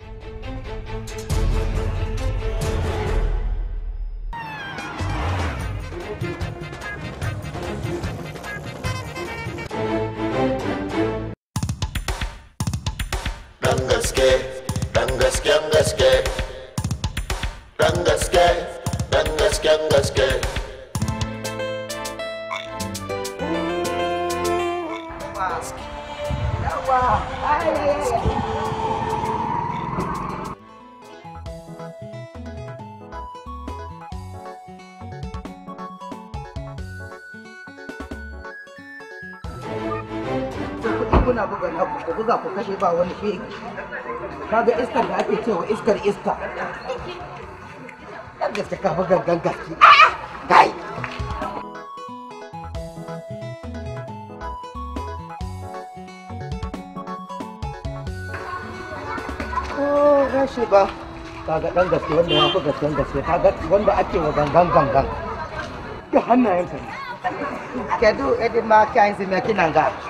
thank you ba wani ɓe kaga iskar da ake cewa iskar iska ɗan gaske kafa gangan gaske kai gashi ba kaga ɗan gaske wanda ya fi gasken gaske kaga wanda ake wa gangan gangan ga hannayensa ne kedu edin ma kayan zime kinan gashi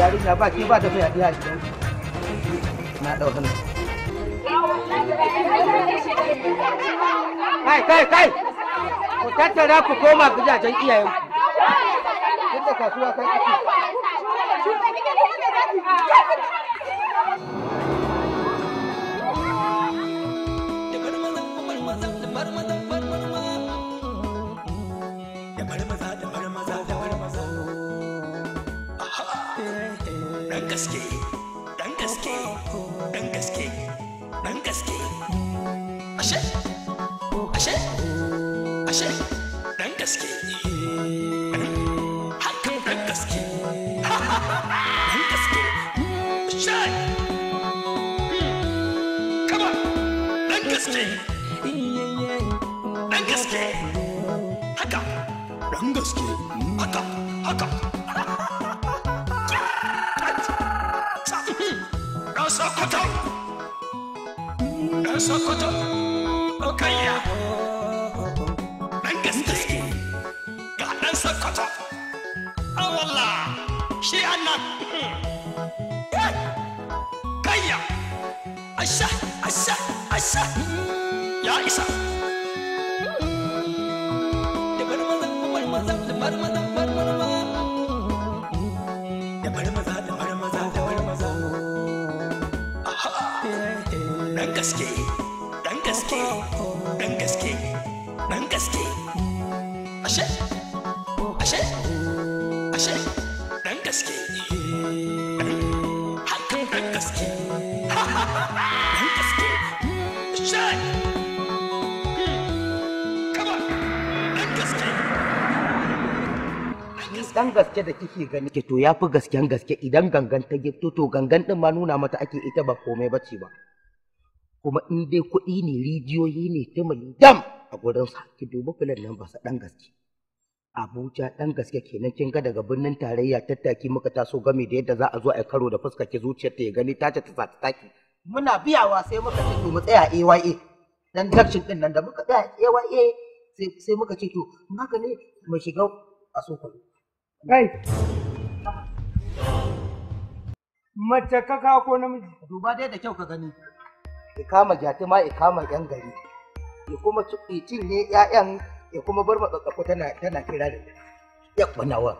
yarinya ba ki ba ta fiya iya gidan na dau hannu kai kai kai ku tattara ku koma gidajen iyayen ku kasuwa kai gaske dan gaske dan dan gaske Sokoto, Okaya. gaske dan gaske da kike gani ke to yafi gasken gaske idan gangan ta gifto to gangan din ma nuna mata ake ita ba komai bace ba kuma in dai kuɗi ne rijiyoyi ne ta dam a gurinsa ki dubi filin nan ba su ɗan gaske abuja ɗan gaske kenan kin ga daga birnin tarayya tattaki muka taso game da yadda za a zo a karo da fuska ki zuciyar ta ya gani ta ce ta sa taki muna biyawa sai muka ce mu tsaya AYA dan takshin din nan da muka tsaya AYA sai sai muka ce to magani mu shiga a soko kai mace ka ko namiji duba dai da kyau ka gani ikama jatima ikama yan gari ya kuma ne 'ya'yan ya kuma bar matsatsaku tana tana kira da ya kwanawa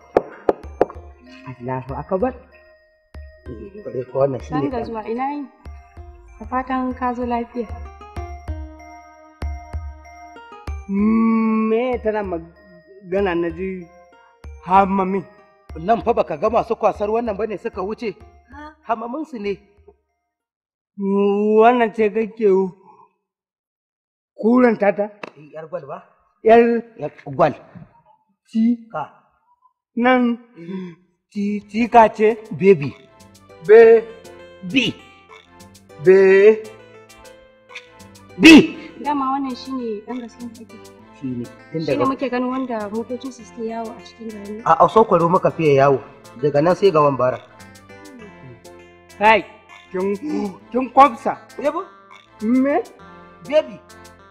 Allahu akbar kare ko wannan shi ne zuwa ina yi ka fatan ka zo lafiya me tana magana na ji hamami nan fa baka ga masu kwasar wannan bane suka wuce hamamin su ne wannan ce kake kuran tata eh, yar gwal ba yar gwal ti ka nan ti ti ka ce baby be bi be bi dama wannan shine dan gaskiya kake shi ne muke ganin wanda motocin su suke yawo a cikin garin a so kwaro muka fiye yawo daga nan sai ga wambara kai kin kin yabo me baby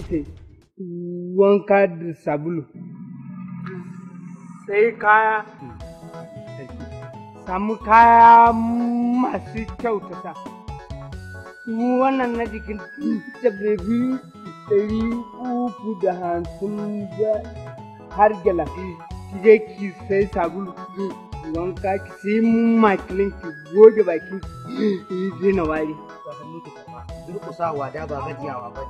je wanka da sabulu sai kaya samu kaya masu kyautata wannan na jikin da biyu ɗari uku da hamsin da har gala ki je ki sai sabulu wanka ki sai makilin ki goge bakin ki je na wari. Ba ka mutu ba, durƙusawa da ba gajiyawa ba.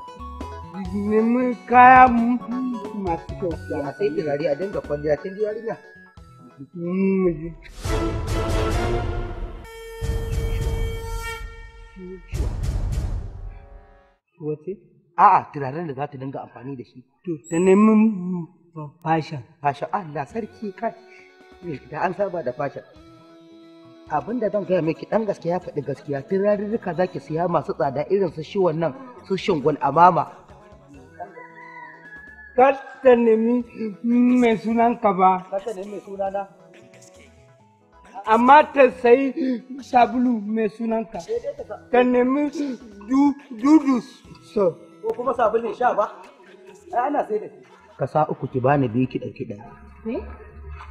nemi kaya masu kyau. Ya sai turare a dinga kwalliya kin hmm, ji yarinya. A'a turaren da za ta dinga amfani da shi. To, ta nemi fashion. Fashion, Allah sarki kai. Da an saba da fashion. abin da zan gaya miki dan ya faɗi gaskiya tun rarruka za ki siya masu tsada irin su shi wannan su shingul amama ta nemi mai sunanka ba. Kata nemi mai Amma ta sayi sabulu mai sunanka. Ta nemi dudu so. Ko kuma sha ba? Ai ana sai da Ka sa uku ki bani biyu ki ɗauki ɗaya.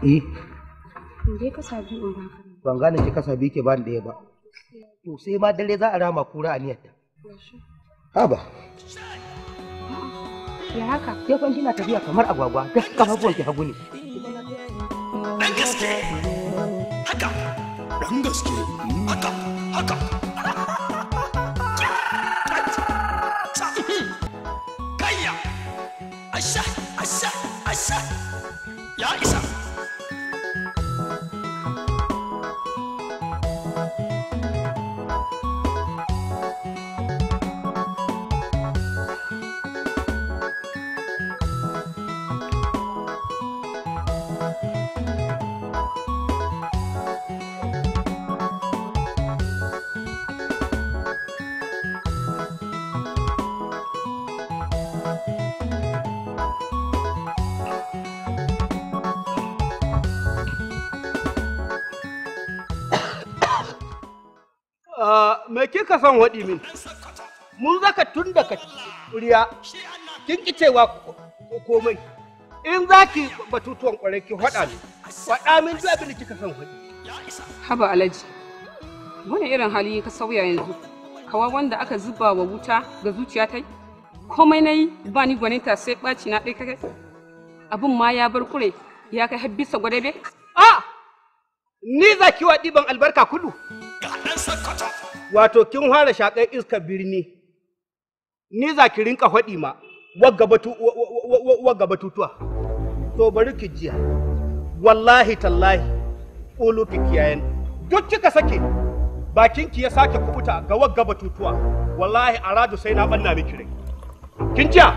Eh. ka sa biyu in Ban gane ki kasa biyu ki bani ɗaya ba. To sai ma dare za a rama kura a niyyarta. Haba. ya haka ke fa kina tafiya kamar agwagwa duk kafafuwan ki hagu ne dan gaske haka dan gaske haka haka Me kika son waɗi min? Mun zaka tun da ka riya, kin ki cewa komai. In za ki batutuwan ƙwarai ki faɗa min, faɗa min duk abin da kika son waɗi. Haba Alhaji, wani irin hali ka sauya yanzu? Kawa wanda aka zuba wa wuta ga zuciya ta Komai na yi ba ni gwaninta sai ɓaci na ɗai kare. Abin ma ya bar kure ya kai har bisa gwadabe? A! Ah! Ni za ki wa ɗiban albarka kudu. wato kin fara shakar iskar birni ni za ki rinka faɗi ma wagga batutuwa to bari ki jiya wallahi tallahi ulu ki kiyayen duk kika sake bakin ki ya sake kubuta ga wagga batutuwa wallahi a radu sai na banna miki rai kin jiya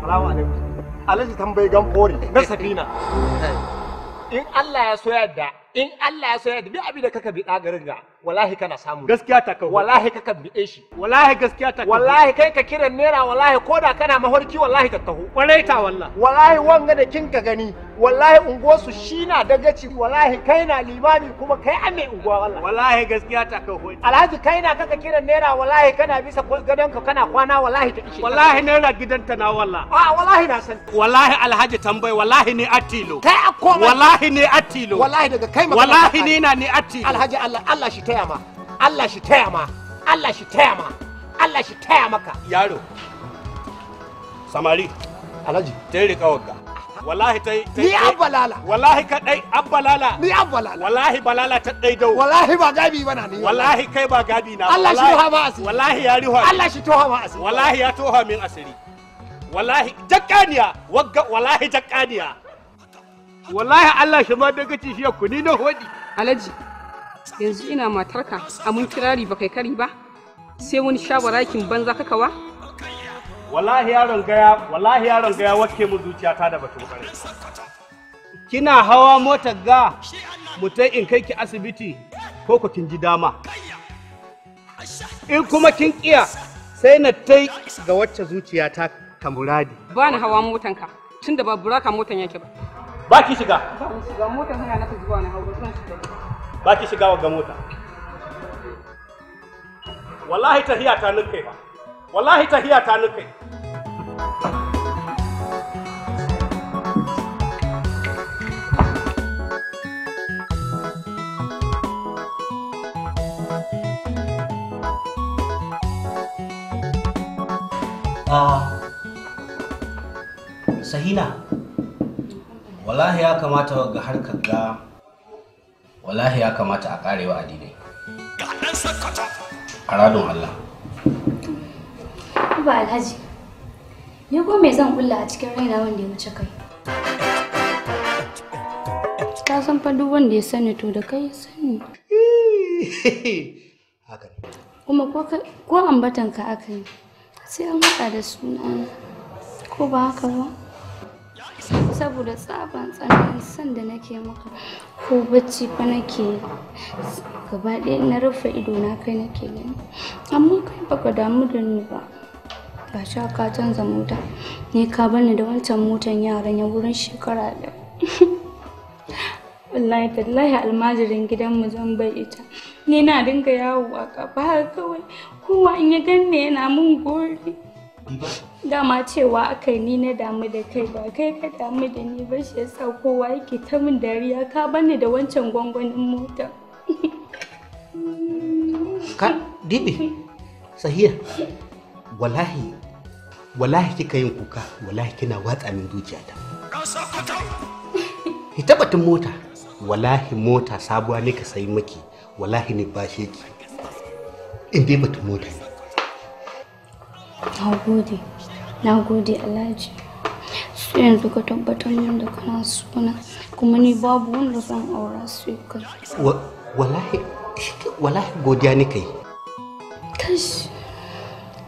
salamu alaikum alaji tambayi fori na safina eh. in Allah ya so yadda in Allah ya so yadda duk abin da kaka bi ɗagarin ga wallahi kana samu gaskiya ta kawo wallahi ka kan biɗe shi wallahi gaskiya ta kawo wallahi kai ka kiran naira wallahi koda kana mahorki wallahi ka taho kwarai ta wallah wallahi wanga da kin ka gani wallahi unguwar su na dagaci wallahi kai na limami kuma kai ame mai unguwa wallahi wallahi gaskiya ta kawo alhaji kai na kaka kiran naira wallahi kana bisa gadon ka kana kwana wallahi ta ishe wallahi naira gidanta na wallah a ah, wallahi na san wallahi alhaji tambayi wallahi ne atilo kai a wallahi ne atilo wallahi daga kai wallahi ne na ne atilo alhaji Allah Allah shi ta taya ma Allah shi taya ma Allah shi taya ma Allah shi taya maka yaro samari alhaji tare kawarka wallahi tai ni abbalala wallahi ka dai abbalala ni abbalala wallahi balala ta dai dau wallahi ba gabi bana ni wallahi kai ba gabi na Allah shi toha ma asiri wallahi ya riha Allah shi toha ma asiri wallahi ya toha min asiri wallahi jakkaniya wagga wallahi jakkaniya wallahi Allah shi ma daga ci shi ku ni na hodi alaji yanzu ina matarka a mun kirari ba kai kari ba sai wani shawarakin banza ka kawa wallahi yaron gaya wallahi yaron gaya wacce mu zuciyata da batun kare kina hawa motar ga mutai in kai ki asibiti ko ku kin ji dama in kuma kin kiya sai na tai ga wacce zuciyata ka muradi ba ni hawa ka, tunda ba buraka motan yake ba ba ki shiga ba shiga motan na naka zuwa na hawa zan shiga ba ki shiga wa mota wallahi tahiya ta nukai ba wallahi tahiya ta nukai Ah, sahina wallahi ya kamata ga harkar ga wallahi ya kamata a karewa adinai a radon Allah ba alhaji ni ko me zan kulla a cikin raina wanda ya wuce kai ka san fa duk wanda ya sani to da kai sani haka ne kuma ko ambatan ka aka yi sai an haɗa da suna ko ba haka ba saboda tsaban tsananin son da nake maka ko bacci fa nake gaba ɗaya na rufe ido na kai nake gani amma kai baka damu da ni ba Ba sha ka canza mota ne ka bani da wancan motan yaran ya wurin shekara da wallahi tallahi almajirin gidanmu zan bai ita ni na dinga yawo a gaba kawai kowa in ya ganni yana mun gori dama cewa aka yi ni na damu da kai ba kai ka damu da ni ba shi yasa kowa yake ta min dariya ka bani da wancan gwangwanin mota ka dibi sahiya wallahi wallahi kika yin kuka wallahi kina watsa min ta hita batun mota wallahi mota sabuwa ne ka sayi miki wallahi ne shi ki in dai batun mota ne na gode na gode alhaji su yanzu ka tabbatar min da kana suna kuma ni babu wanda zan aura su ka wallahi wallahi godiya ni kai kash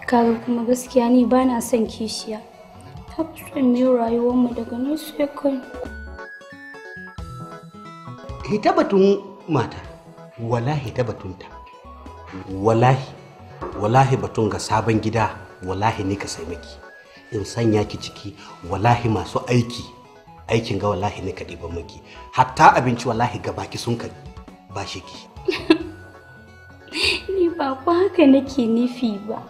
kaga kuma gaskiya ni ba na son kishiya tabbatar ne rayuwar mu daga nan sai kai hita batun mata wallahi ta batunta wallahi wallahi batun ga sabon gida wallahi ni ka sai miki in sanya ki ciki wallahi masu aiki aikin ga wallahi ne ka ɗiban miki hatta abinci wallahi ga baki sun ka shi ki ni ba ku haka nake nufi ba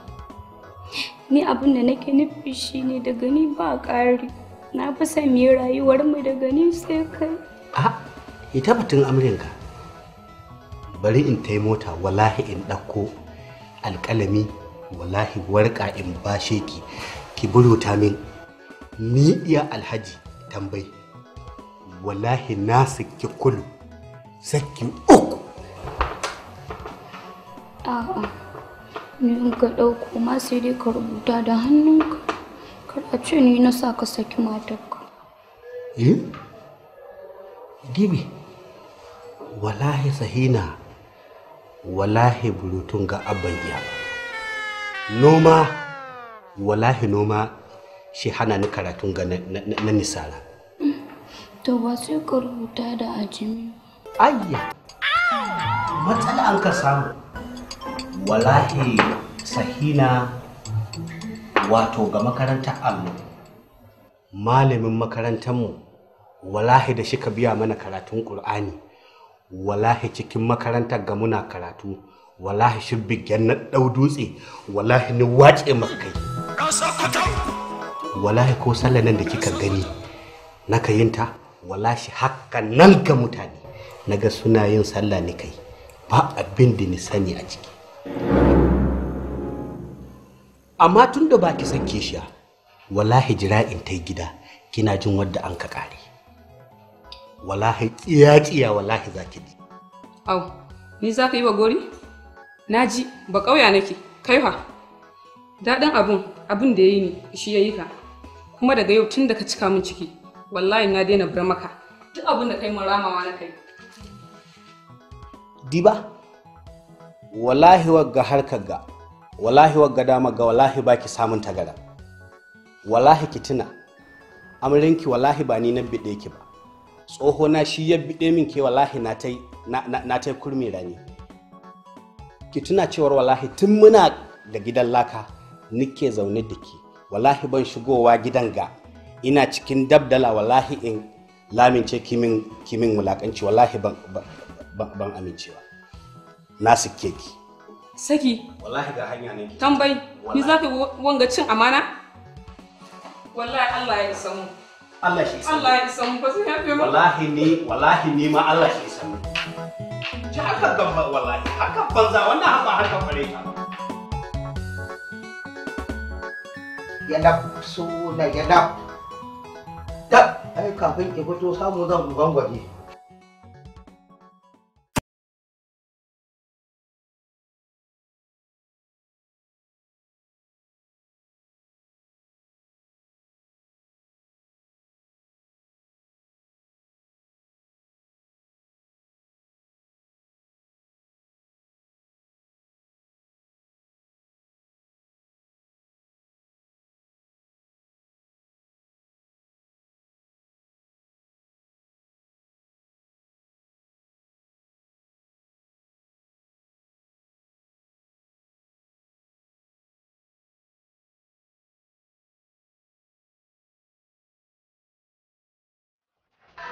ni abin da nake nufi shine daga ni ba ƙari na fi son me rayuwar mu daga ni sai kai a ita batun amrinka bari in tai mota wallahi in ɗauko alƙalami wallahi warƙa in bashe ki ki ta min ni iya alhaji tambayi wallahi na saki kulu saki uku a'a ni in ka ɗauko ma sai dai ka rubuta da hannunka kar a ce ni na sa ka saki matarka eh dibi wallahi sahina wallahi burutun ga abban noma wallahi noma shi hana ni karatun ga na nisara to ba sai ka rubuta da ajimi ayya matsala an ka samu wallahi sahina wato ga makarantar allo malamin makarantanmu, wallahi da shi ka biya mana karatun ƙur'ani wallahi cikin makarantar ga muna karatu wallahi shi bigyan na ɗau dutse wallahi ni wace maka kai wallahi ko sallar nan da kika gani ka yin ta wallahi haka nan ga mutane naga suna yin sallah ni kai ba abin da ni sani a ciki amma tun da ba ki san kishiya wallahi jira in ta gida kina jin wadda an ka kare wallahi tsiya tsiya wallahi za ki ji au ni za ka yi wa gori na ba ƙauya nake kai fa daɗin abun abun da ya yi ne shi ya yi ka kuma daga yau tun da ka cika min ciki wallahi na daina bar maka duk abun da kai mun ramawa na kai diba wallahi wagga harkar ga wallahi wagga dama ga wallahi baki samun tagara wallahi ki tuna amrinki wallahi ba ni na bide ki ba tsoho na shi ya bide min ke wallahi na tai na tai kurmi rani ki tuna cewar wallahi tun muna da gidan laka nike zaune da ke wallahi ban shigowa gidan ga ina cikin dabdala wallahi in lamince kimin kimin wulakanci wallahi ban ban amincewa na sike ki saki wallahi ga hanya ne tambayi ni zaka wanga cin amana wallahi Allah ya samu Allah shi isa Allah ya isa ba sai yafe mu wallahi ni wallahi ni ma Allah shi isa mu ji haka gaba wallahi haka banza wannan haka haka bare ka ya so na ya Da, ai kafin ki fito samu zan gwangwaje.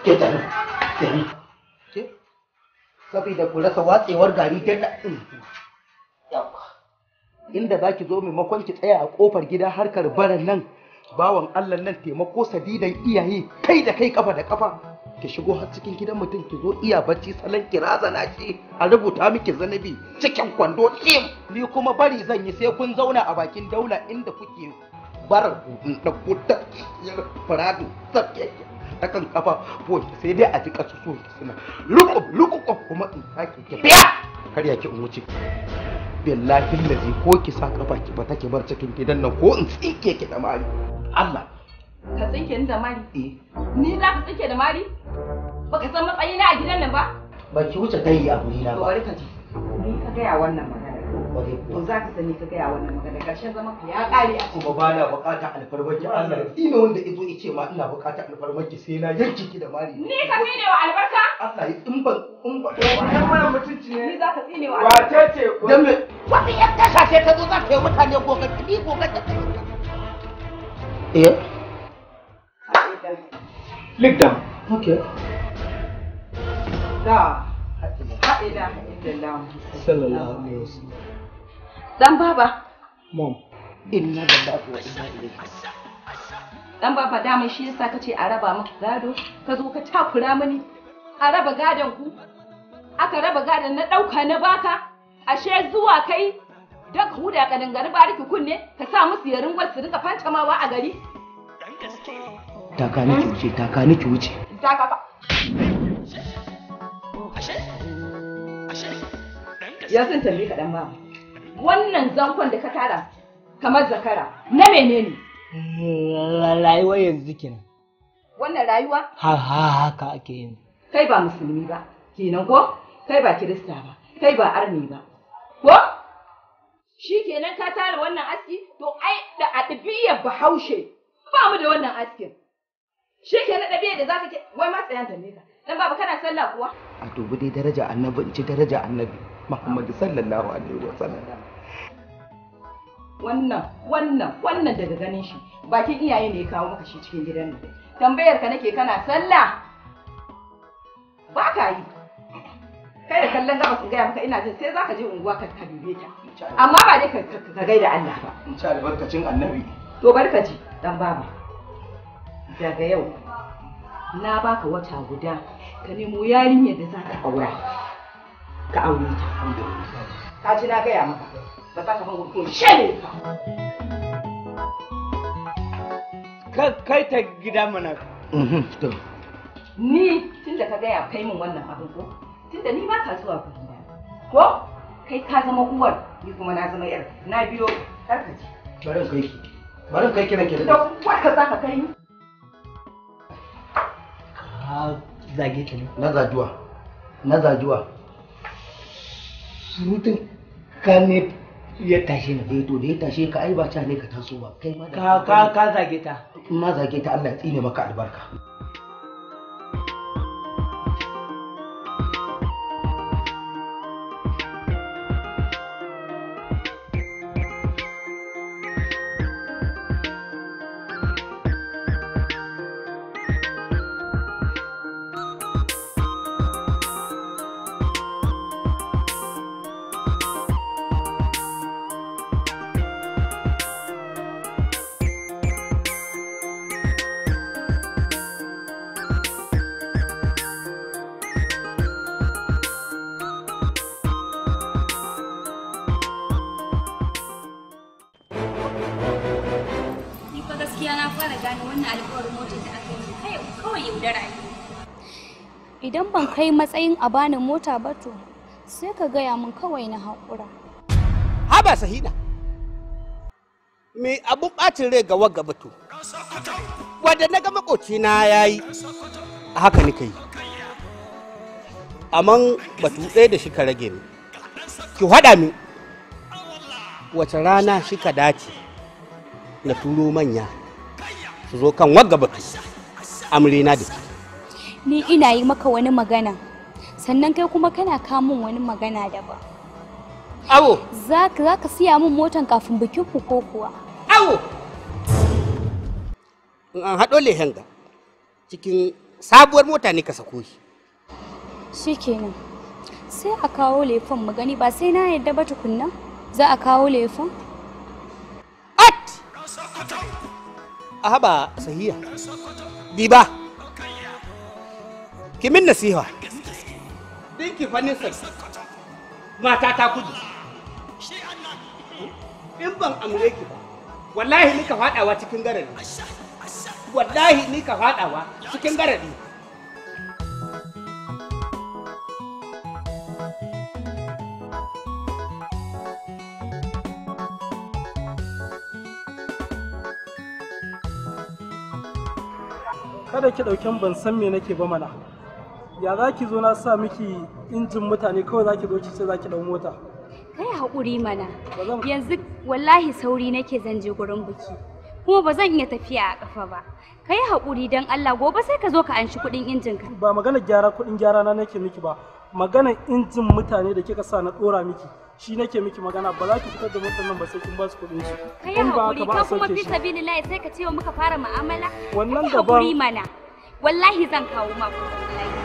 ke tafi tafi ku rasa gari ta da hmm. inda za ki zo maimakon ki tsaya a kofar gida harkar baran nan bawan Allah nan taimako sadidan iyaye kai da kai kafa da kafa ki shigo har cikin gidan mutum ki zo iya bacci salon ki razana ki a rubuta miki zanabi cikin kwando ɗin ni kuma bari zan yi sai kun zauna a bakin daula inda kuke bar da kuta farado tsakkiyar ta kan kafa boy sai dai a ji kasu so suna lukub lukub kuma in sake ki biya kar ya ki umuci billahi lazi ko ki sa kafa ki bata ki bar cikin gidan nan ko in tsike ki da mari Allah ka tsike ni da mari eh. ni za ka tsike da mari baka san matsayina a gidan nan ba ba ki wuce kai a na ba bari ka ji ni ka ga ya wannan ba to za ka sani ka gaya wannan magana karshen zama ka ya ƙare a kuma ba na buƙatar alfarmaki Allah ina wanda izo ya ce ma ina buƙatar alfarmaki sai na yanke ki da mari ni ka tsine wa albarka Allah ya in ban in ba wannan mara mutunci ne ni za ka tsine wa wace ce ko dan me wata yar tasha ce ta zo za ta yi mutane goga ni goga ta eh Lick down. Okay. Da. Ha'ila. Ha'ila. Sallallahu alaihi wasallam. Dan baba. Mom, inna lillahi wa inna ilaihi Dan baba dama shi yasa kace a raba maka gado, ka zo ka takura mani. A raba gadon ku. Aka raba gadon na dauka na baka. Ashe zuwa kai da huda ka dangane bariki kunne ka sa musu yarin su rika fantamawa a gari. Taka niki wuce, taka niki wuce. Taka ba. Ashe? Ashe? Ya san tambaye ka dan baba. wannan zankon da ka tara kamar zakara na menene eh, rayuwa yanzu kenan wannan rayuwa ha ha haka ake yin kai ba musulmi ba kenan ko kai ba kirista ba kai ba arni ba ko shi kenan ka tara wannan aski to ai da adabiyar bahaushe ba mu da wannan askin shi kenan ɗabi'a da zaka ke wai ma tsayan da ka dan baba kana sallah kuwa a dubi dai daraja annabi in ci daraja annabi muhammadu sallallahu alaihi wasallam wannan wannan wannan daga ganin shi bakin iyaye ne ya kawo maka shi cikin gidan nan tambayar ka nake kana sallah ba yi kai da kallon gaba su gaya maka ina jin sai zaka je unguwa ka ka dube ta amma ba dai ka gaida Allah ba in ci albarkacin annabi to barkaci dan baba daga yau na baka wata guda ka nemo yarinyar da za ka aura ka aure ta ka ji na gaya maka Zata ka mun kun shani. Kai ta gida mana. Mhm, ni tun da ka gaya kai mun wannan abin ko? Tun ni ba ka zuwa gudana. Ko? Kai ka zama uwar, ni kuma na zama yar. Na biyo karkaci. Bari in kai ki. Bari in kai ki nan ke da. Da kuwa ka za ka kai ni. Ka zage ta ne. Na zajuwa. Na zajuwa. Surutun ka ne ya tashe ni eh to da ya tashe ka ai ba ta ne ka taso ba kai ma ka ka zage ta ma zage ta Allah ya tsine maka albarka kai matsayin a bani mota ba to sai ka gaya min kawai na haƙura. Haba sahina, me abu ɓacin rai ga wagga batu, Wanda na ga makocina ya yi, a haka nika yi. Aman batu tsaye da shi ka rage ni, ki haɗa ni. wace rana shi ka dace na turo manya su zo kan wagga batu, amrina da ki. ni ina yi maka wani magana sannan kai kuma kana kamun wani magana daban awo za ka siya min motan kafin bikin ku ko kuwa awo in an haɗo lehanga cikin sabuwar mota ne ka sako shi shikenan sai a kawo lefan magani gani ba sai na yadda ba tukunna za a kawo lefan at a haba sahiya biba. ki min nasiha dinki fannin sai mata ta kudu in ban amure ki ba wallahi ni ka fadawa cikin garari wallahi ni ka fadawa cikin garari kada ki ɗauken ban san me nake ba mana ya za ki zo na sa miki injin mutane kawai za ki zo ki ce za ki ɗau mota kai haƙuri mana yanzu wallahi sauri nake zan je gurin biki kuma ba zan iya tafiya a ƙafa ba kai haƙuri don Allah gobe sai ka zo ka anshi kuɗin injin ka ba magana gyara kuɗin gyara na nake miki ba magana injin mutane da kika sa na ɗora miki shi nake miki magana ba za ki fitar da mutan nan ba sai kin ba su kuɗin su kai haƙuri ka kuma fi sabilillahi sai ka ce wa muka fara mu'amala wannan mana. wallahi zan kawo ma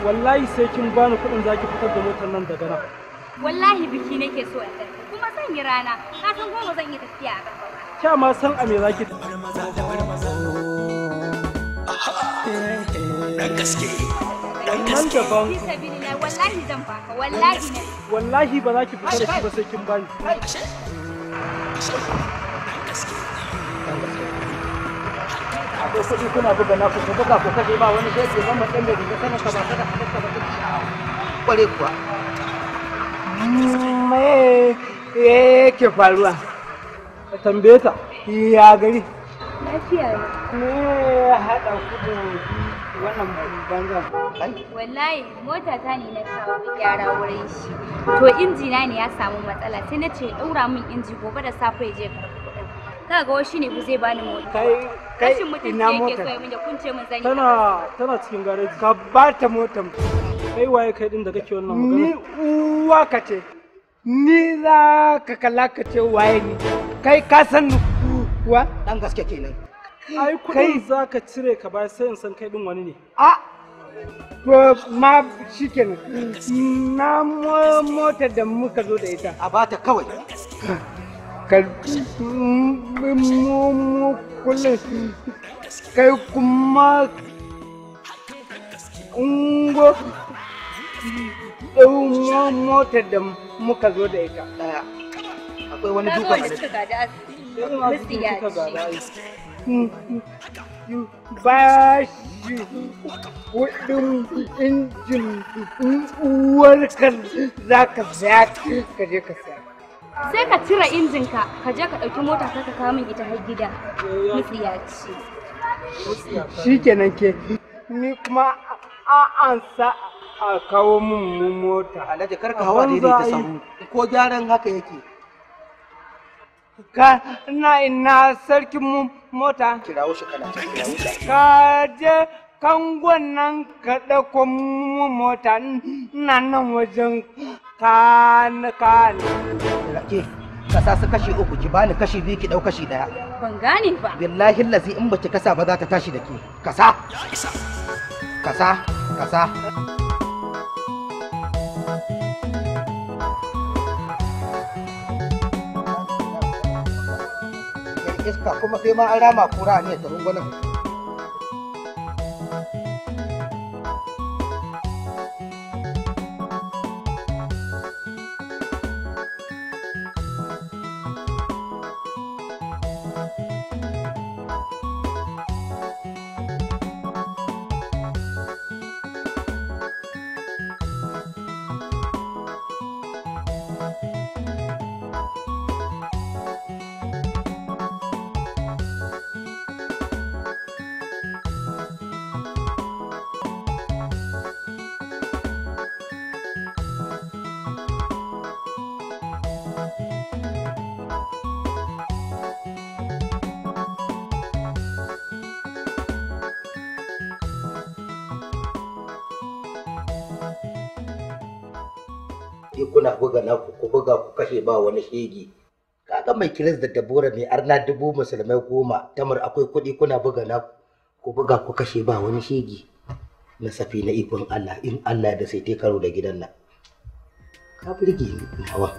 wallahi sai kin bani kuɗin zaki fitar da motar nan daga nan wallahi biki nake so a tafi kuma zan yi rana ka san goma zan yi tafiya a gaba kya ma san a me zaki dan gaske dan gaske wallahi zan baka wallahi ne wallahi ba za ki fitar da shi ba sai kin bani dan gaske dan gaske ko kuɗi kuna buga na ku ba wani zai ka ba kada ka ta kware kuwa faruwa ka ya gari haɗa wallahi mota ta ne na kawo gyara wurin shi to injina ne ya samu matsala sai na ce ɗaura min inji gobe da safe ya je za ga shi ne ku zai bani mota kai kai ina mota tana tana cikin gareji ka ba ta motar kai waye kai din da kake wannan magana ni uwa ka ce ni za ka kalla ka ce waye ni kai ka san ni kuwa dan gaske kenan ai kudin za ka cire ka ba sai in san kai din wani ne a ma shi kenan na mota da muka zo da ita a bata kawai karbi mu kai kuma ungo ɗau motar da muka zo da ita ɗaya akwai wani duka ba shi kudin injin za ka saya ka je ka saya sai ka cire injin ka ka je ka ɗauki mota ka ka kawo min ita har gida shi kenan ke ni kuma a sa a kawo min mota alhaji kar ka hawa daidai ta samu ko gyaran haka yake ka na ina sarkin mu mota kirawo shi kana ka je kangon nan ka ɗauko mu mota nan nan wajen kanukan rake kasa su kashi uku ki bani kashi biyu ki ɗau kashi ɗaya. ban gane ba billahi lazi in baki kasa ba za ta tashi da ke kasa kasa kasa iska kuma sai ma an rama kura ne ta rungunan karfe ba wani shege kaga mai kiris da dabora mai arna dubu musulmai goma tamar akwai kuɗi kuna buga na ku buga ku kashe ba wani shege na safi na ikon Allah in Allah da sai karo da gidan nan ka burge ni hawa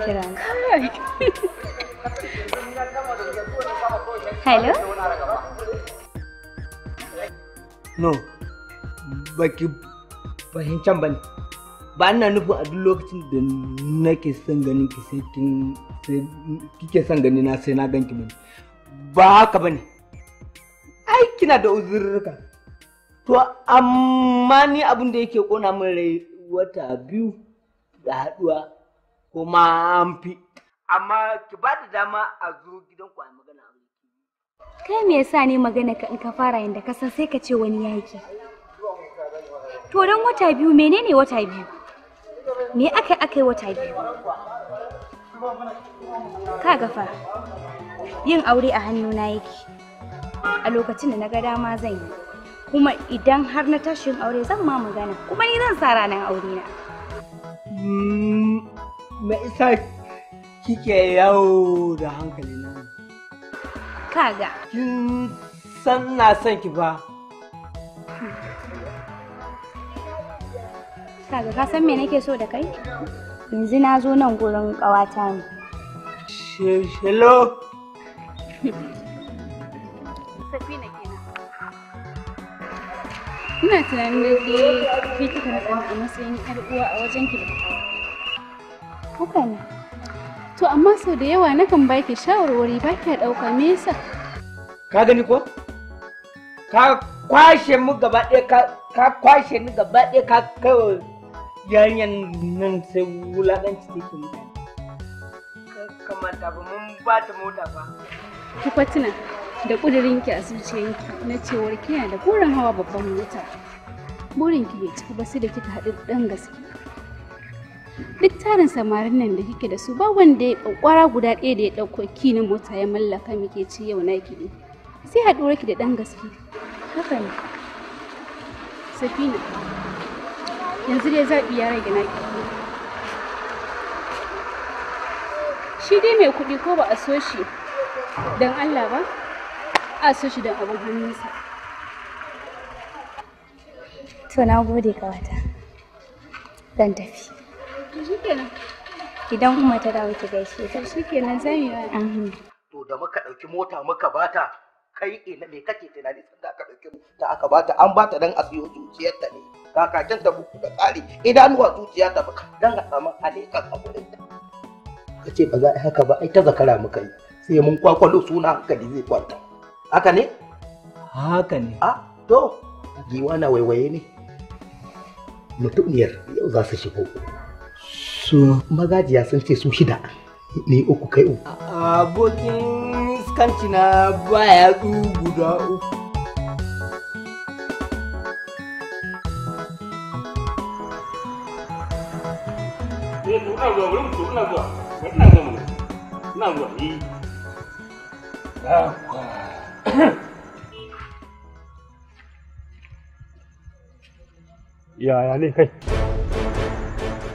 kira ni. Hello? No, baki fahimcan ba ne. Ba ina nufin a duk lokacin da nake son ganin ki sai kin kike son gani na sai na ganki bane. Ba haka bane. Ai kina da uzurruka. To amma ni abin da yake kona min rai wata biyu da haduwa kuma an fi amma ki ba da dama a zo gidan ku a magana aure kai me yasa ne magana ka in ka fara yanda ka san sai ka ce wani yaki to dan wata biyu menene wata biyu me aka aka wata biyu ka gafa yin aure a hannuna yake a lokacin da na ga dama zan yi kuma idan har na yin aure zan ma magana kuma ni zan sa ranar aure na hmm, me isa kike yawo da hankali na kaga kin san na son ki ba kaga ka san me nake so da kai yanzu na zo nan gurin ƙawata ne shelo ina tunanin da ke fi kika na a matsayin ƴar uwa a wajen ki da haka ne to amma sau da yawa nakan baki shawarwari ba kya ɗauka me yasa ka gani ko ka kwashe mu gaba ɗaya ka kwashe ni gaba ɗaya ka kai yarinyar nan sai wulaƙanci take mutane kamata ba mun ba ta mota ba ki fatina da ƙudurinki a zuciyanki na cewar kina da burin hawa babban mota ki bai cika ba sai da kika haɗu ɗan gaske duk tarin samarin nan da kike da su ba wanda ya kwara guda ɗaya da ya ɗauko ki na mota ya mallaka muke ci yau na ki sai haɗuwar ki da ɗan gaske haka ne safina yanzu dai zaɓi ya rage na shi dai mai kuɗi ko ba a so shi don Allah ba a so shi don abin hannunsa to na gode kawata zan tafi Idan kuma ta dawo ta gaishe ta. Shi kenan zan yi To da muka ɗauki mota muka bata kai ina me kake tunani tunda aka ɗauki ta aka bata an bata dan a siyo zuciyarta ne. Kakakin ta buku da tsari idanuwa zuciya ta baka dan ga samu alaikan aburin ta. Ka ce ba za a haka ba ai ta zakara muka yi sai mun kwakwalo suna hankali zai kwanta. Haka ne? Haka ne. A ah, to giwa na waiwaye ne. Mutumiyar yau za su shigo. su magajiya sun ce su shida ni uku kai uku abokin iskanci na baya guda uku yi yaya ne kai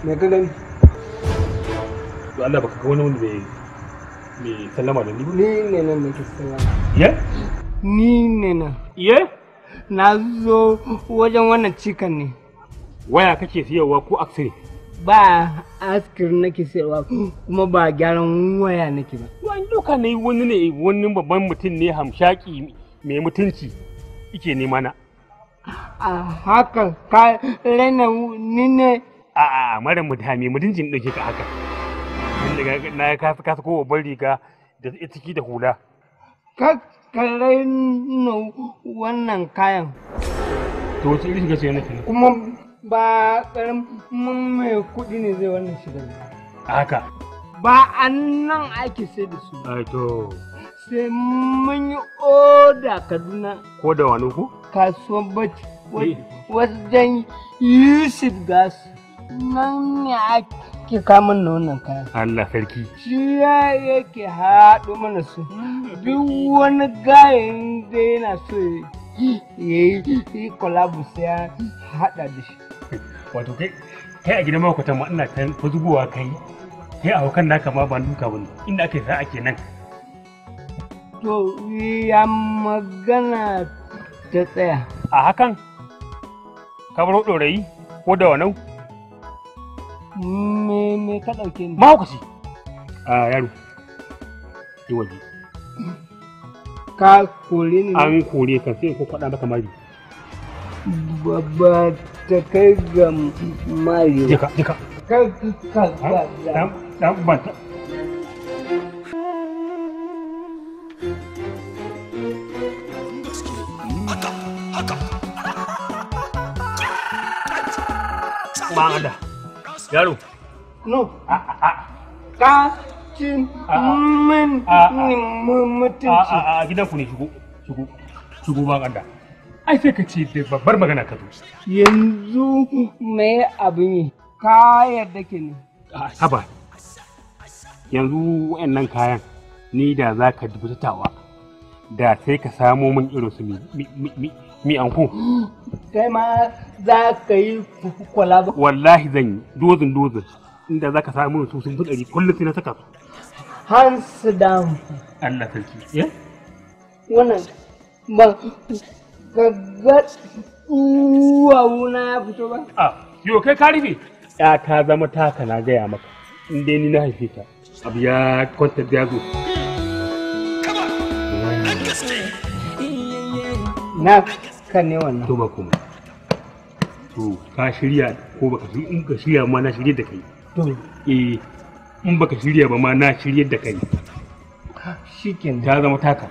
me ka to Allah baka ga wani wanda bai mai sallama da ni ba ni ne nan nake sallama ye ni ne nan ye na zo wajen wannan cikan ne waya kake siyarwa ko aksiri ba askir nake sayarwa kuma ba gyaran waya nake ba wani duka ne wani ne wani babban mutum ne hamshaki mai mutunci ike nema na a haka ka rena ni ne a a mara mutum mai mutuncin ɗauke ka haka Na na ka ka ko babban riga da ciki da hula ka kallai wannan kayan to wace irin shiga ce yana kenan kuma ba karamin mai kuɗi ne zai wannan shiga haka ba an nan ake sai da su ai to sai mun yi oda kaduna ko da wani ku kasuwan bacci eh. wajen yusuf gas nan ne ake ke kamun nonon wannan Allah sarki. Shi ya yake haɗu mana su. Duk wani gayen da yana so ya yi kwalabu sai ya haɗa da shi. Wato kai kai a gidan makwatan ma ina ta zubowa kai kai a haukan naka ma ba duka wani inda aka sa ake nan. To ya magana ta tsaya. A hakan? Ka hudu rai ko da wanau? Mm, komai ka ɗauke ni. Mahaukaci. A yaro. Ki waje. Ka kore ni. An kore ka sai ko faɗa maka mari. Ba ta kai ga mari. Jika jika. Ka ka ka. Dan dan ban Yaro. no ka cin min ni mutunci a a gidan ku ne shigo shigo shigo ba Allah ai sai ka ce da babbar magana ka zo yanzu me abin yi ka yarda ke ne ah, haba yanzu wayannan kayan ni da za ka dubutatawa da sai ka samo min irin su mi anko kai ma za ka yi kwalaba wallahi zan yi dozin dozin inda zaka samu su sun fi kullum sai na saka su hands down Allah sarki ya eh? wannan ba ga uwa na ya fito ba a yo kai ka rufe ya ta zama taka na gaya maka in dai ni na haife ta abu ya kwanta ya zo na kan ne wannan to ba kuma to ka shirya ko baka in ka shirya ma na shirya da kai eh in baka shirya ba ma na shiryar da kai shikin ta zama taka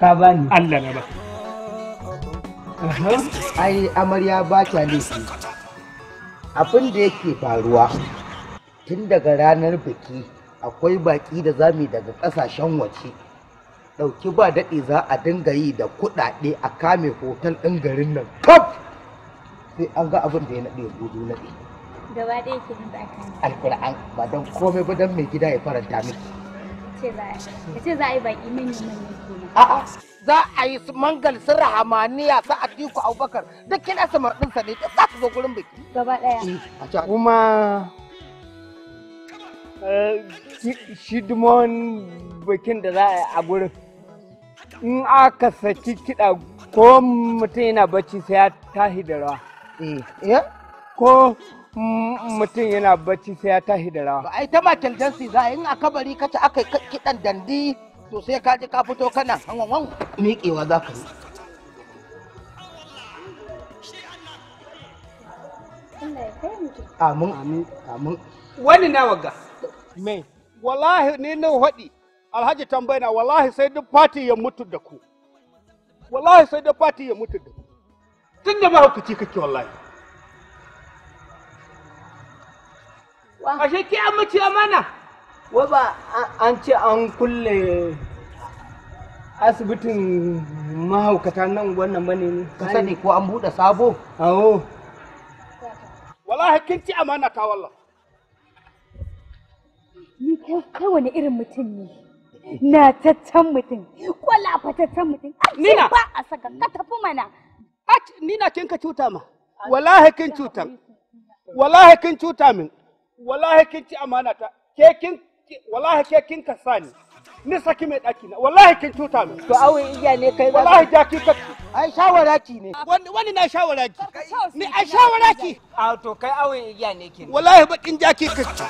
ka bani Allah na ba ai amarya ba ta laifi abin da yake faruwa tun daga ranar biki akwai baki da zami daga kasashen waje ɗauki ba daɗe za a dinga yi da kuɗaɗe a kame hotel ɗin garin nan kaf sai an ga abin da ya naɗe gudu naɗe gaba ɗaya ke nan da aka alkur'an ba don komai ba don mai gida ya faranta miki ce za a yi baki manyan manyan kenan a'a za a yi su mangal su rahamaniya su atiku abubakar duk kin asamar ɗinsa ne za su zo gurin biki gaba ɗaya eh, kuma eh, shidimon bikin da za a yi a gurin in aka saki kiɗa ko mutum yana bacci sai ya tahi da rawa eh, ko Mm, mutum yana bacci sai ya tashi da rawa. Ai ta Michael Jansi za in a kabari ka ci aka kiɗan dandi to sai ka ji ka fito kana hanwan miƙewa za ka yi. Amin amin amin. Wani na waga. Me? Wallahi ni na haɗi. Alhaji na wallahi sai duk fati ya mutu da ku. Wallahi sai duk fati ya mutu da ku. Tun da mahaukaci kake wallahi. Ashe ke an mace mana? Wai ba an ce an kulle asibitin mahaukata nan wannan bane ne. Ka sani ko an buɗe sabo? Awo. Wallahi kin ci amana ta wallah. Ni kai kai wani irin mutum ne? Na tattan mutum, kwala tattan mutum, Nina! ba a saka ka tafi mana. Nina kin ka cuta ma, wallahi kin cuta, wallahi kin cuta min. wallahi kin ci amana ta ke kin wallahi ke kin kasa ni saki mai daki na wallahi kin cuta ni to awon iya ne kai wallahi ki ai shawara ki ne wani wani na shawara ki ni a shawara ki a to kai awon iya ne kin wallahi bakin ja ki a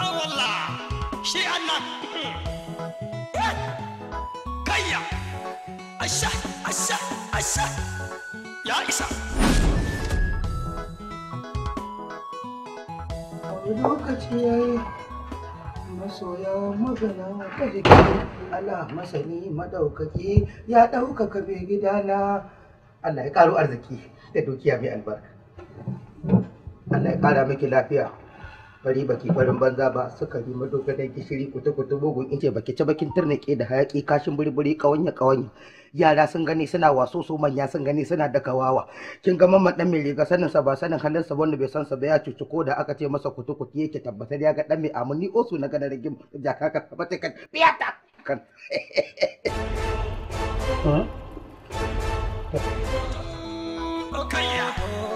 wallahi shi kayya asha asha asha ya isa lokaci ya yi masoya magana ta jiki Allah masani madaukaki ya ɗaukaka mai gidana Allah ya ƙaro arziki da dukiya mai albarka Allah ya ƙara miki lafiya bari baki farin banza ba suka yi madogaran gishiri kutukutu, kuta bugun ice baki ci bakin tarnake da hayaki kashin buri-buri, ƙawanya-ƙawanya. yara sun gani suna waso su manya sun gani suna da kawawa kin ga mamman dan mai riga sanin sa ba sanin halin sa wanda bai san sa ba ya cuci ko da aka ce masa kutu kutu yake tabbatar ya ga dan mai amuni osu na ganin rigim jaka ka tabbata kan fiyata kan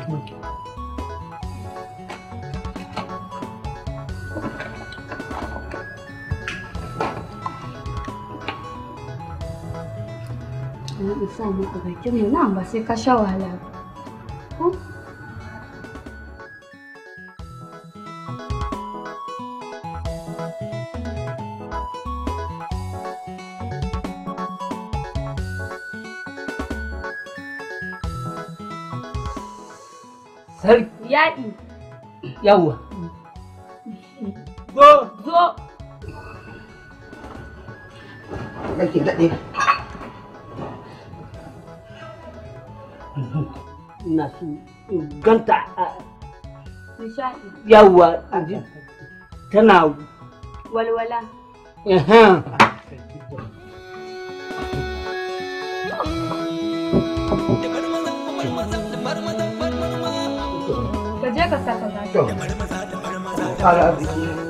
aqui. Ufa, não, não, vai ser cachorro, galera. Yaɗi. Yawwa. Zo. Zo. Rankin daɗe. Ina ganta a Nishaɗi. Yawwa. Tana. Walwala. ka sa ka za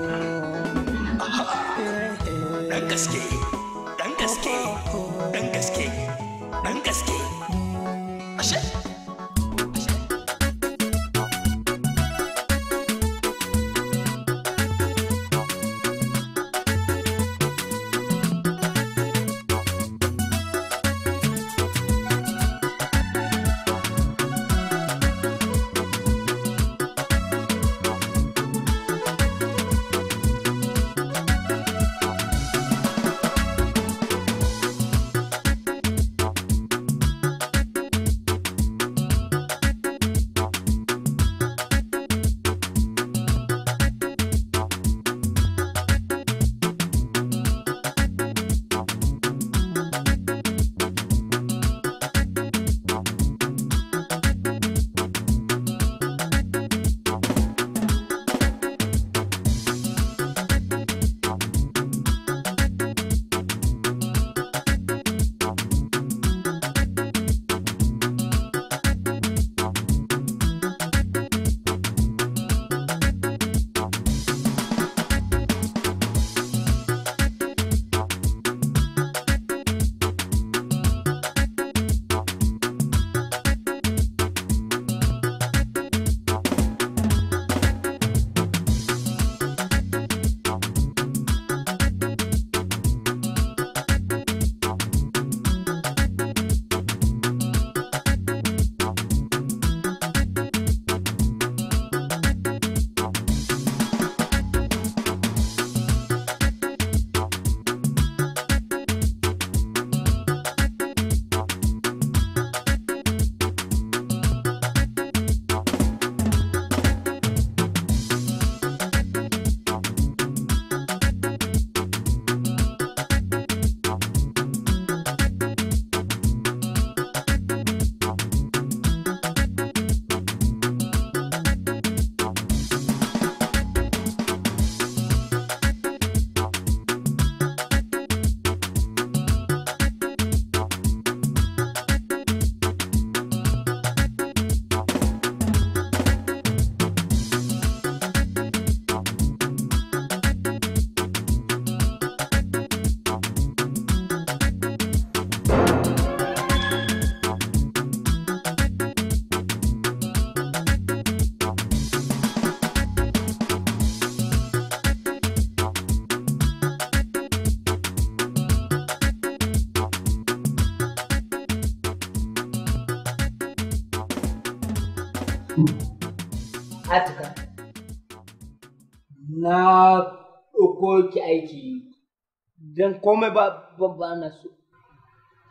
gidan komai ba ba na so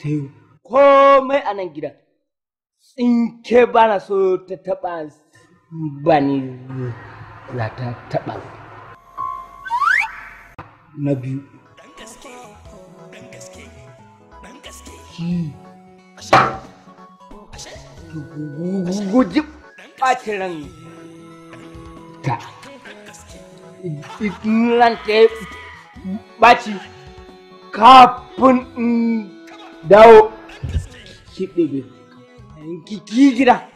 ta yi komai a nan gidan tsinke ba na so ta taba ba ni za ta taba na biyu guji ɓacin ran ta ran ta ɓaci kafin in dawo ki ɗebe ki gida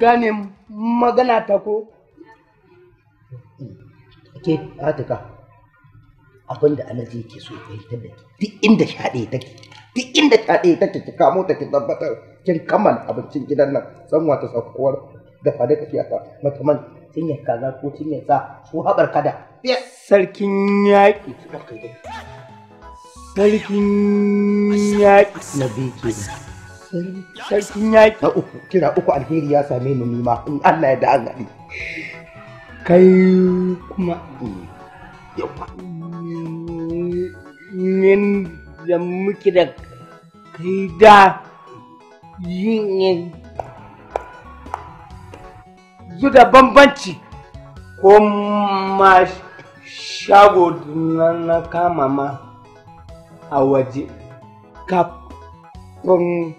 gane magana ta ko ke atika abinda alaji yake so ta da duk inda shaɗe take duk inda shaɗe ta ki kamo ta ki tabbatar kin kammala abincin gidan nan san wata sakuwar da fadaka a aka mata man cinyar kaza ko cinyar sa ko haɓar kada yes sarkin yaƙi sarkin yaƙi na biyu ke sarkin yaƙi na uku kira uku alheri ya same ni nima in Allah ya da an gani kai kuma mm, yawa yin da muke da kai da yin yin zu da bambanci ko mashi shago na na kama ma a waje kafin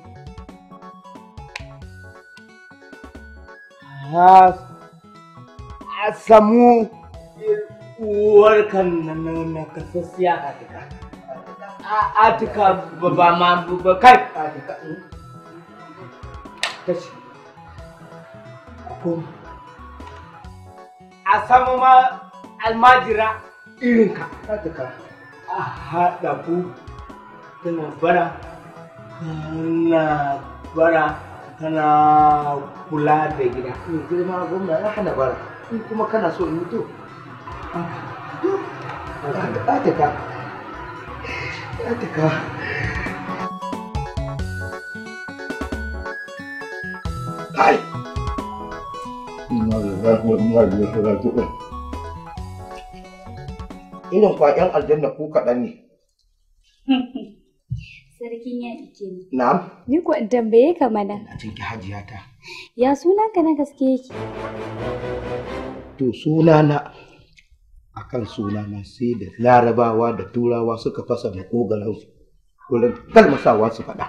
a samu uwarkan na siya a duka a tuka ba ma ba kai a duka eh. kashi ko a samu ma almajira irinka ka a haɗa ku tana bara tana bara tana kula da gida in eh, ma gwamna na hana bara in kuma kana so in mutu ataka ataka Ai! Ina da zafi wani zafi wani zafi wani irin kwayan aljanna ko kaɗan ne. Sarkin ya ike ni. Na'am. Ni ko in tambaye ka mana. Na cin ki hajiya ta. Ya sunan ka na gaske yake? To sunana akan suna na sai da larabawa da turawa suka fasa makogalansu wurin kalmasawa su faɗa.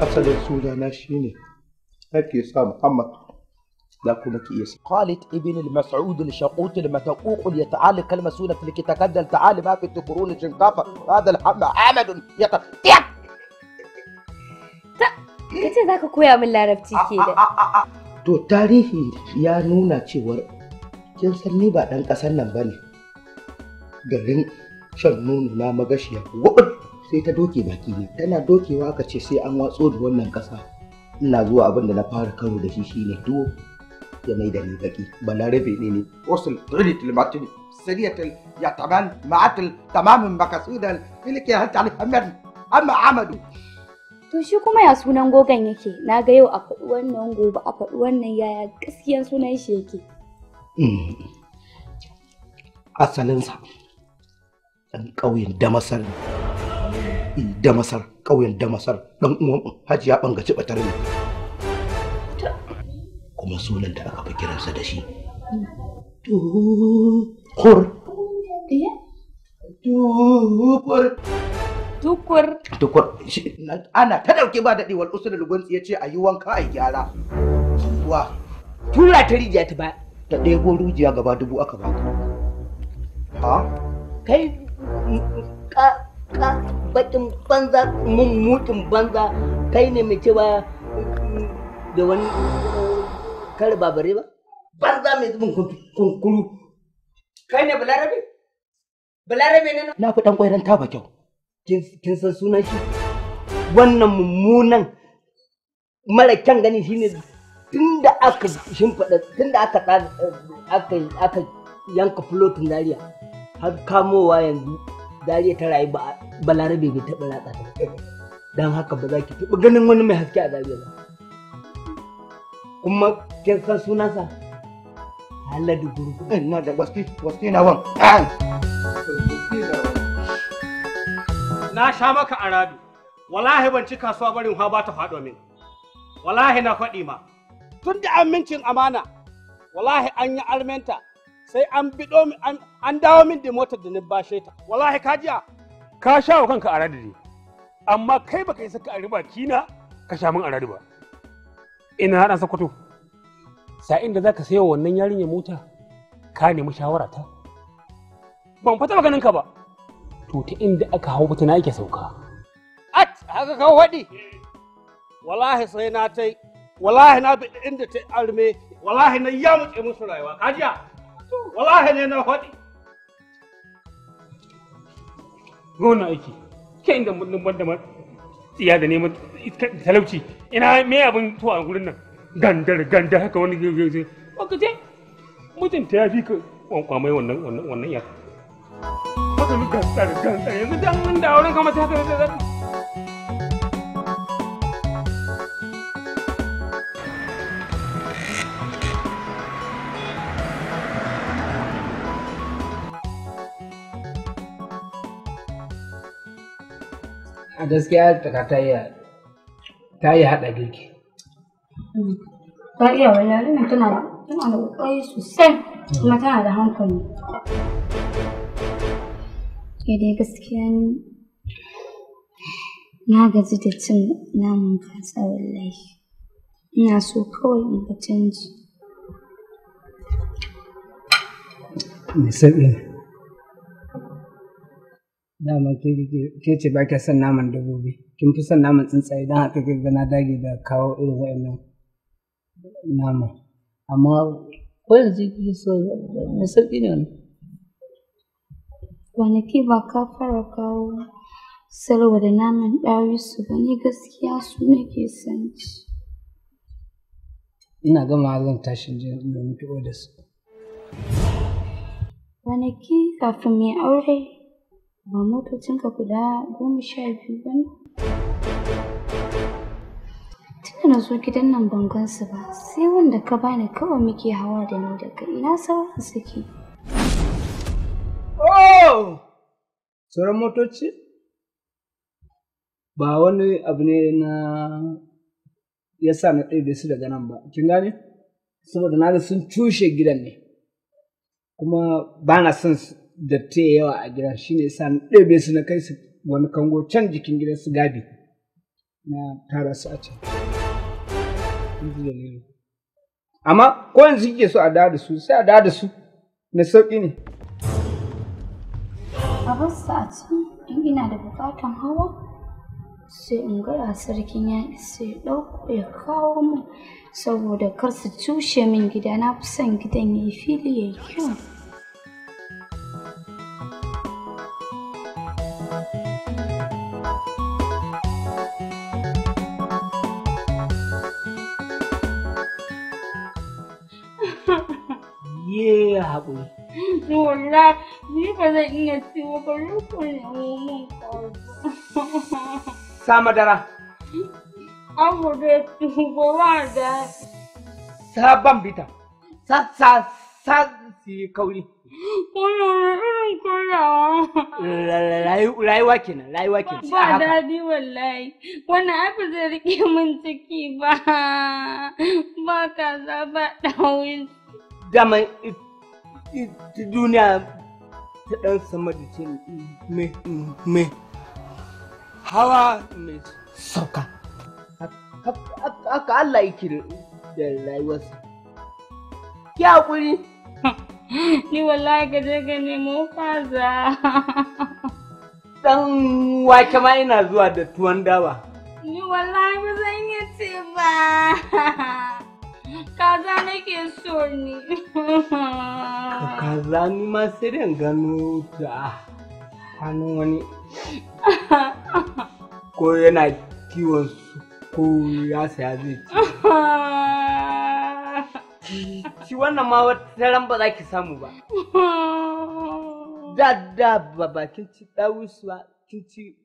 Asalin sunana shine ake sa Muhammad Da kuma ki iya Khalid ibn al-Mas'ud al-Shaqut al-Matquq kalma suna fil kitakaddal ta'ali ma fi tukurun shinkafa hada al-hamma Ahmad yata ta kace zaka koya min larabci ke da to tarihi ya nuna cewar kin san ni ba dan kasar nan bane garin shan nono na magashiya wabud sai ta doke baki ne tana dokewa ka ce sai an watso da wannan kasa ina zuwa abin da na fara karo da shi shine tuwo ya mai da ni baki balarabe ne ne usul tulitul batil sariyatul ya taban ma'atul tamamin makasudan filike hatta alhamad amma amadu to shi kuma ya sunan gogan yake na ga yau a faɗi wannan gobe a faɗi wannan yaya gaskiyan sunan shi yake hmm. asalinsa ɗan ƙauyen damasar hmm, damasar ƙauyen damasar ɗan uwan hajiya ɓangaci ɓatar ne kuma sunan da aka fi kiransa da shi tukur tukur tukur tukur ana ta dauke ba daɗi wal usul lugunsu ya ce a yi wanka a gyara wa tura ta rijiya ta ba ta ɗebo rijiya gaba dubu aka ba ha kai ka ka bakin banza mun mutum banza kai ne mai cewa da wani kare babare ba za mu zubin kunkuru kai ne balarabe balarabe ne na fi dan kwairan ta ba kyau kin san sunan shi wannan mummunan mara kyan gani tun tunda aka shimfiɗa tunda aka aka aka yanka flotin dariya har kamowa yanzu dariya ta rayu ba balarabe bai taɓa ratsa don haka ba za ki taɓa ganin wani mai haske a dariya ba kuma kin san sunansa Haladu Gurgu ina da wasti wasti na wan na sha maka arabi wallahi ban ci kasuwa barin ha ba ta faɗo min wallahi na faɗi ma tun da amincin amana wallahi an yi almenta sai an bido an dawo min da motar da na bashe ta wallahi ka jiya ka sha wa kanka arabi amma kai baka isa ka riba kina ka sha min arabi ba ina na sakwato sa'in za zaka sayo wannan yarinya mota ka nemi shawara ta ban fata maganin ka ba to ta inda aka hau fita na yake sauka at haka kawo faɗi wallahi sai na tai wallahi na bi inda ta arme wallahi na ya mutse musu rayuwa kajiya wallahi ne na faɗi gona aiki ke inda mun banda ma tsiya da neman talauci ina me abin to a gurin nan gandar gandar haka wani zai baka je mutunta ya fi ka mai wannan wannan wannan ya gandar gandar yanzu dan mun da wurin kama ta haka da a gaskiya takatayya ta yi haɗa girki ta iya wa yarinya tana da tana da ƙoƙari sosai kuma tana da hankali ke dai gaskiya ne na gaji da cin naman kasa wallahi ina so kawai in ka canji mai sauƙi Daman ke ce ba kya son naman dabbobi, kin fi son naman tsuntsaye don haka ke na dage da kawo irin wa'annan nama. Amma ko yanzu ki so mai sarki ne wani. Kwanaki ba ka fara kawo salwa da naman su ba ni gaskiya su ke son ci. Ina gama zan tashin jin da mutu da su. Kwanaki kafin mai aure ba motocinka guda goma sha biyu ba ne? Tunda na zo gidan nan ban gansu ba, sai wanda ka bani kawai muke hawa da ni daga ina sauran suke. Oh! Sauran motoci? Ba wani abu ne na ya sa na ɗaya su daga nan ba, kin gane? Saboda na sun cushe gidan ne, kuma ba na son su. datti yawa a gida ne sa na ɗebe su na kai su wani kango can jikin gidan su gadi na tara su a can amma ko yanzu kike so a dawo da su sai a dawo da su na sauƙi ne a basu a in ina da buƙatan hawa sai in ga sarkin ya isa ya ɗauko ya kawo min saboda kar su cushe min gida na fi son gidan ya yi fili ya yi kyau Ye haƙuri. wala ni ba zan iya ciwo ba rukun mun Sa madara. An gudu gowa da. Sa ban bita. Sa sa sa si kauri. Wannan irin kurawa. Rayuwa kenan, rayuwa kenan. Ba daɗi wallahi. Wannan abu zai riƙe min ciki ba. Ba kaza ba ɗawinsa. daman ita duniya ta ɗan sama da ce mai hawa mai sauka haka Allah yake da rayuwarsa ki haƙuri ni wallahi ka je ka nemo kaza dan wake ma ina zuwa da tuwon dawa ni wallahi ba zan yi ce ba kaza nake so ni kaza ni ma sai da gano ta hannun wani ko yana kiwon su ko ya saya zai ci shi wannan ma wata ran ba za ki samu ba da da ba ba kin ci ɗawusuwa kin ci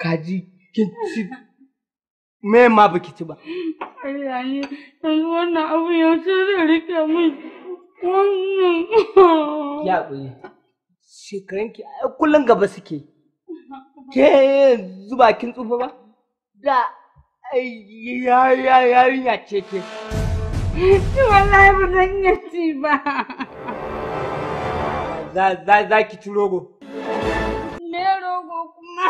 kaji kin ci mai ma baki ci ba Allah ne yanzu wannan abu yaushe zai rike min wannan ya kuyi shekaranki kullum gaba suke ke zuba kin tsufa ba da yarinya ce ke wallahi ba zan iya ci ba za ki ci rogo me rogo kuma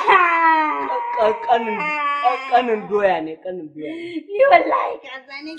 kanin kanin doya ne kanin doya ni wallahi kaza ne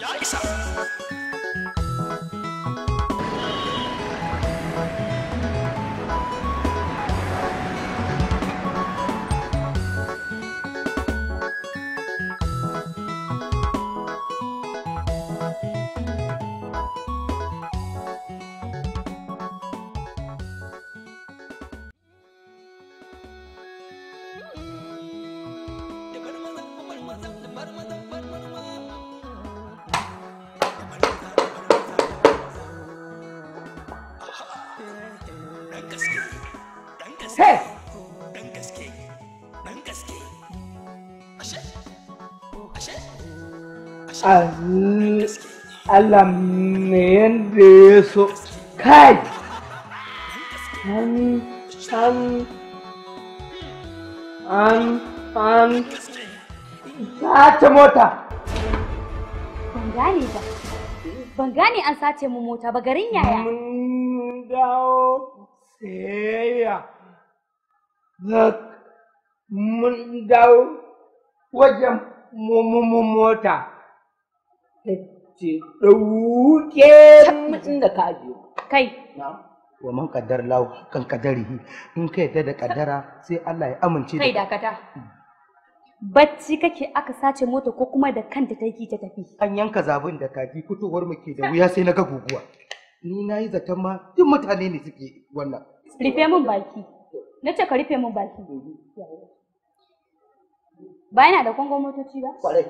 Allah me yanda ya so kai an an an an sace mota ban gane ba ban gane an sace mu mota ba garin yaya mun dawo sayayya mun dawo wajen mu mota na ce ɗauke min da ka ajiye kai wa man kaddar lahu kan kadarihi in ka yadda da kaddara sai Allah ya amince da kai dakata bacci kake aka sace mota ko kuma da kanta ta yi ta tafi an yanka zabin da kaji fitowar mu ke da wuya sai na ga guguwa ni na yi zaton ma duk mutane ne suke wannan rufe min baki na ce ka rufe min baki ba yana da kwangon motoci ba kwarai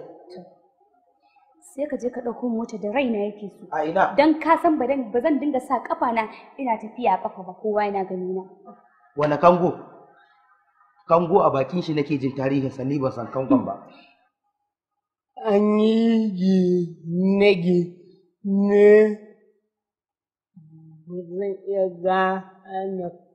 sai ka je ka ɗauko mota da raina yake so. A ina. Don ka san ba zan dinga sa kafa na ina tafiya a kafa ba kowa yana gani na. Wane kango? Kango a bakin shi nake jin tarihin sani ban san kangon ba. An yi gi gi ne ba zan iya ana